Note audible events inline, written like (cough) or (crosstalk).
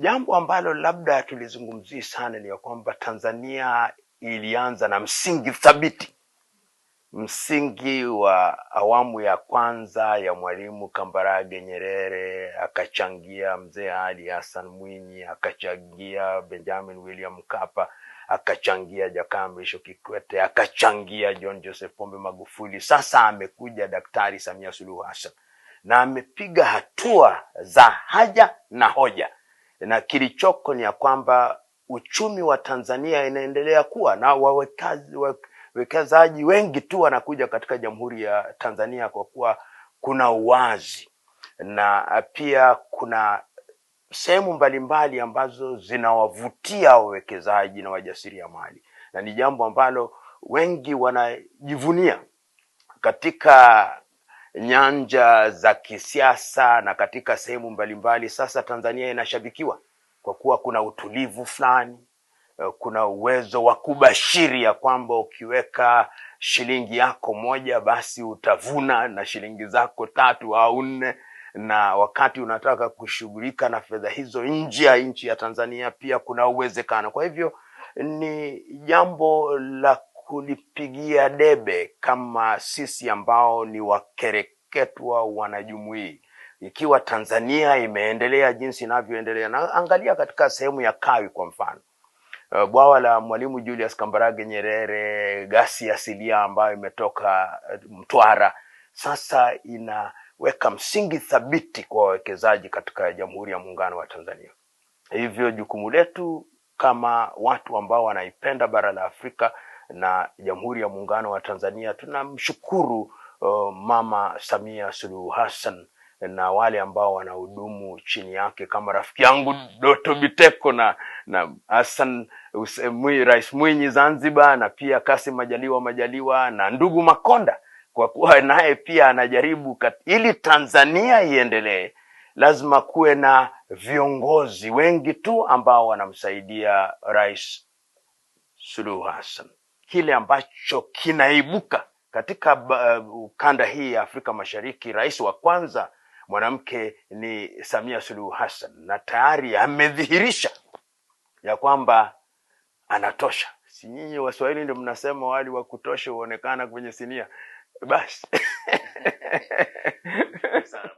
Jambo ambalo labda tulizungumzii sana ni ya kwamba Tanzania ilianza na msingi thabiti, msingi wa awamu ya kwanza ya Mwalimu Kambarage Nyerere, akachangia Mzee Ali Hassan Mwinyi, akachangia Benjamin William Mkapa, akachangia Jakaya Mrisho Kikwete, akachangia John Joseph Pombe Magufuli. Sasa amekuja Daktari Samia Suluhu Hassan na amepiga hatua za haja na hoja na kilichoko ni ya kwamba uchumi wa Tanzania inaendelea kuwa na wawekezaji wengi tu wanakuja katika Jamhuri ya Tanzania kwa kuwa kuna uwazi na pia kuna sehemu mbalimbali ambazo zinawavutia wawekezaji na wajasiriamali, na ni jambo ambalo wengi wanajivunia katika nyanja za kisiasa na katika sehemu mbalimbali. Sasa Tanzania inashabikiwa kwa kuwa kuna utulivu fulani, eh, kuna uwezo wa kubashiri ya kwamba ukiweka shilingi yako moja basi utavuna na shilingi zako tatu au nne na wakati unataka kushughulika na fedha hizo nje ya nchi ya Tanzania pia kuna uwezekano. Kwa hivyo ni jambo la kulipigia debe kama sisi ambao ni wakereketwa wanajumuii ikiwa Tanzania imeendelea jinsi inavyoendelea, na angalia katika sehemu ya Kawi kwa mfano, e, bwawa la Mwalimu Julius Kambarage Nyerere, gasi asilia ambayo imetoka e, Mtwara sasa inaweka msingi thabiti kwa wawekezaji katika Jamhuri ya Muungano wa Tanzania. Hivyo jukumu letu kama watu ambao wanaipenda bara la Afrika na Jamhuri ya Muungano wa Tanzania. Tunamshukuru uh, Mama Samia Suluhu Hassan na wale ambao wanahudumu chini yake kama rafiki yangu mm. Doto Biteko na na Hassan Rais Mwinyi Zanzibar, na pia Kassim Majaliwa Majaliwa na ndugu Makonda, kwa kuwa naye pia anajaribu kat... ili Tanzania iendelee, lazima kuwe na viongozi wengi tu ambao wanamsaidia Rais Suluhu Hassan kile ambacho kinaibuka katika uh, ukanda hii ya Afrika Mashariki. Rais wa kwanza mwanamke ni Samia Suluhu Hassan, na tayari amedhihirisha ya kwamba anatosha. Si nyinyi Waswahili ndio mnasema wali wa kutosha huonekana kwenye sinia? Basi (laughs)